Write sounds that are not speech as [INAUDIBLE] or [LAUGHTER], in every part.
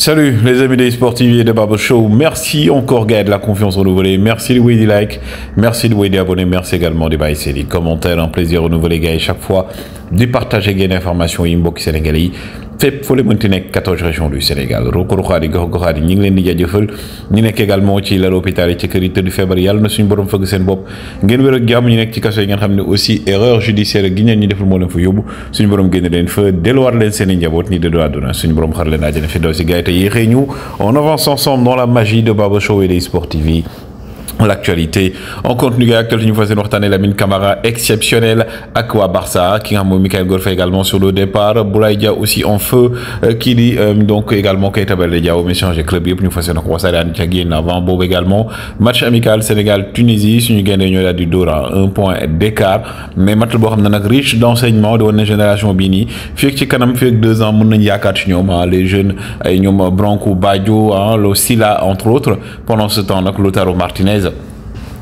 Salut les amis des sportifs et de Barbe Show. Merci encore Gaël de la confiance renouvelée. Merci de like. like. Merci de vous abonner. Merci également de vous des commentaires. Un plaisir renouvelé Gaël chaque fois. De partager gain d'informations inbox sénégalais fépp fu les montagnes nekk 14 régions du Sénégal ruuxu-ruxaan yi gox-goxaan yi ñu ngi leen di ñu nekk également ci lal l'hôpital yi ci kër yi tëdd feebar yàlla na suñu borom fëgg seen bopp ngeen wér ak jàmm ñu nekk ci kaso yi ngeen xam ne aussi erreur judiciaire gi ñeen ñi deful moo leen fa yóbbu suñu borom génne leen fa delluwaat leen seen i njaboot ni dédoo àdduna suñu borom xar leen àjjana fi daw si yi yéexee ñu on avance ensemble dans la magie de Baba Show et des Sport TV l'actualité en continue actuel actualité ñu c'est yéene la Lamine Camara exceptionnelle à quoi Barça qui a xam moom également sur le départ boulaïdia aussi en feu euh, qui dit euh, donc également Keita Baldé Diao mais changé club yëpp ñu fas yéene ko wasaare ànd ci avant bob également match amical Sénégal Tunisie suñu nous gagnons la di dora un point d'écart mais match le bord ne riche d'enseignement de la génération bini fait que ci kanam fait ak deux ans mën nañu yaakaar ci ah, les jeunes ay ñoom Branco Badio ah, Lo Sila entre autres pendant ce temps nag l'otaro Martinez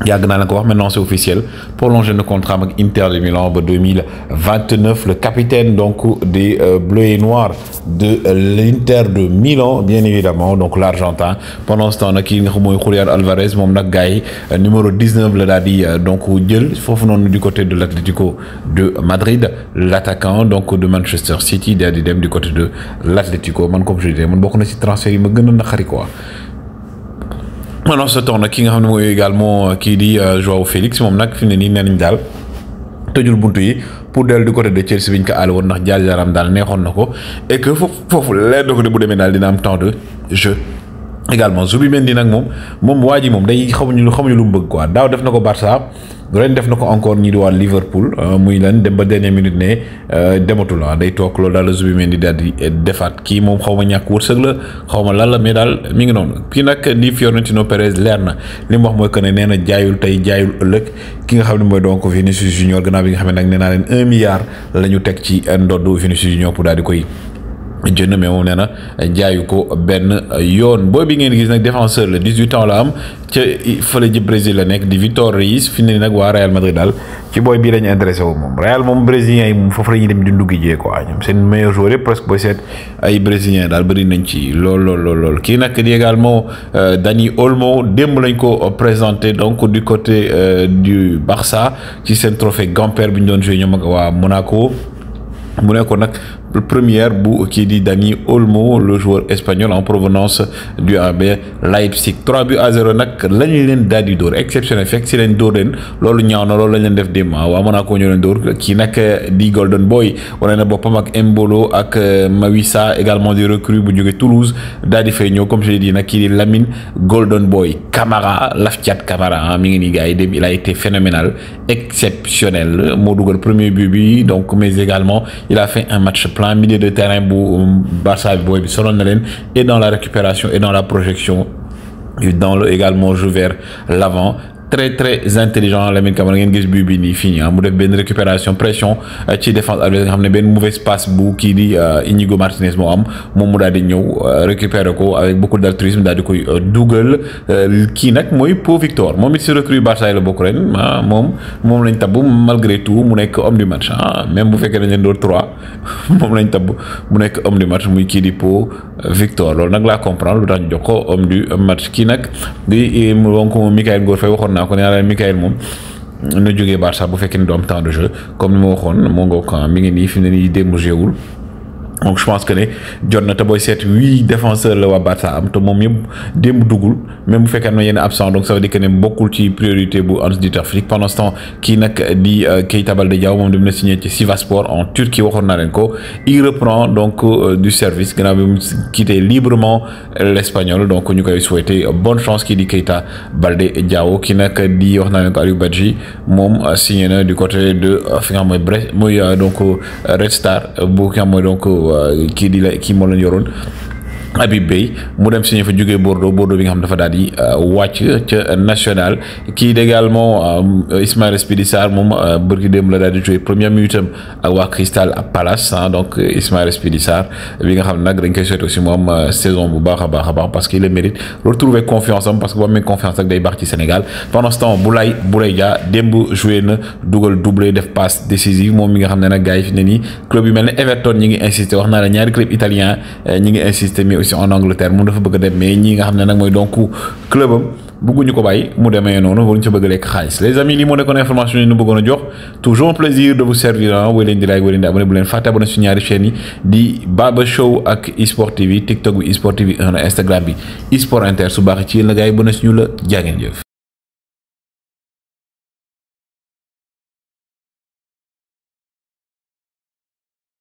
il y a maintenant c'est officiel Prolonger le contrat avec Inter de Milan en 2029 le capitaine donc des euh, bleus et noirs de euh, l'Inter de Milan bien évidemment donc l'Argentin pendant ce temps on a nga Alvarez qui est gars euh, numéro 19 le Dadi, donc il faut du côté de l'Atlético de Madrid l'attaquant donc de Manchester City il du côté de l'Atlético comme je disais transfert Maintenant ce temps qui qui dit je également qui euh, euh, Joao Félix moom nag fi mu buntu yi pour del du côté de Chelsea ko et que fofu foofu leer dina am temps de jeu. également Zubimendi nag moom moom waa ji moom day xamuñu xamuñu lu mu bëgg quoi daaw def na ko Barça ren def na ko encore ñi di waa Liverpool euh, muy lan dem ba dernière minute ne euh, dematul ah day toog loolu daal la Zubimendi daal di eh, defaat kii moom xaw ma ñàkk wërsëg la xaw ma lan la mais daal mi ngi noonu kii nag di Fiorentino Perez leer na li mu wax mooy que ne nee na jaayul tey jaayul ëllëg ki nga xam ne mooy donc Vinicius Junior gannaaw bi nga xam ne nag nee naa leen un la ñu teg ci ndoddu Vinicius Junior pour daal di koy. jënd mais moom nee na jaayu ko Ben yoon booy bi ngeen gis nag défenseur le 18 ans la am il fallait du Brésil la nekk di victor Reis fi ne nag Real Madrid daal ci boy bii dañu intéressé wu moom Real moom brésilien il faut foofu la ñuy dem di nduggi jee quoi ñoom seen meilleur joueur yëpp presque booy seet ay brésilien daal bëri nañ ci lol. lol lool lool kii également euh, Dani Olmo démb lañ ko présenté donc du côté euh, du Barça ci seen trophée Gamper bi ñu doon joué ñoom ak Monaco mu ko premier but qui dit Dani Olmo le joueur espagnol en provenance du AB Leipzig 3 buts à 0 Nak la ñu exceptionnel C'est si leen L'année leen L'année ñaaw na loolu def ah, Monaco Golden Boy wane na ak Mbolo ak euh, Mawissa également des recrues bu Toulouse d'Adi comme je l'ai dit nag est Lamine Golden Boy Camara Lafkiat Camara ah, mi il a été phénoménal exceptionnel moo Le premier but donc mais également il a fait un match plein un milieu de terrain um, Barça et dans la récupération et dans la projection et dans le également jeu vers l'avant très très intelligent Lamine Camara ngeen gis bii bii nii ah, mu def ben récupération pression euh, ci défense adversaire nga xam ne mauvais mauvaise passe bu di euh, Inigo Martinez mo am mom mu daal di euh, récupérer ko avec beaucoup d'altruisme daal koy dougal ki nak moy Pau Victor moom it si recrue Barça yi la bokk ren ah moom lañ tabb malgré tout mu nek homme du match ah, même bu fekkee dañ do 3 trois [LAUGHS] lañ tabb mu nek homme du match muy ki di Pau Victor lool nak la comprendre lu tax jox ko homme du match ki nak di wonk Mikayil Ngor Faye waxoon naa ko nee naa leen Mikayil moom. na jógee Barça bu fekkee ni du temps de jeu comme ni ma waxoon moo ngoog ah, mi ngi nii fi mu ne nii démb jeewul donc je pense que ne jot na te booy seet huit défenseur la waa Barça am te moom yëpp démb duggul même bu fekkee yene absent donc ça veut dire que ne beaucoup ci priorité bu Hans Dieter Flick pendant ce temps qui nak di euh, Keita Baldé Diaw mom dem na signé ci Sivasspor en Turquie waxoon na len ko il reprend donc euh, du service gannaaw bi mu quitté librement l'Espagnol donc ñu koy souhaiter bonne chance qui di Keita Baldé Diaw qui nak di wax na leen ko Aliou Badji moom euh, signé na du côté de fi nga donc Red Star bu nga donc. uh, Kimolan Yoron Habib Beye mu dem signé fa jógee Bordeaux Bordeaux bi nga xam dafa daldi di euh, wàcc national ki également euh, Ismaël Spidi Sarr moom euh, Burki Dem la daldi di joué première minute ak waa Crystal Palace hein, donc Ismaël Spidi Sarr bi nga xam nak dañ koy souhaité aussi mom saison bu baax a baax parce qu'il le mérite retrouver confiance parce que boo confiance ak day baax ci Sénégal pendant ce temps Boulaye Boulaye Dia démb jouer na dougal doublé def passe décisive mom mi nga xam né nag gars fi né ni club yu mel Everton ñi ngi insister wax na la ñaari club italien ñi ngi insister mais aussi en Angleterre moom dafa bëgg dem mais ñi nga xam ne nag mooy donc club am bëgguñu ko bàyyi mu demee noonu waruñu ci bëgg lekk xaalis les lii moo nekkoon information yi ñu bëggoon jox toujours plaisir de servir ah wéy leen like wéy leen di bu leen fàtte abonné suñu ñaari chaînes yi di Baba Show ak iSport TV TikTok bi iSport TV Instagram bi iSport Inter su baax ci yéen la gars yi bëna suñu la jaa jëf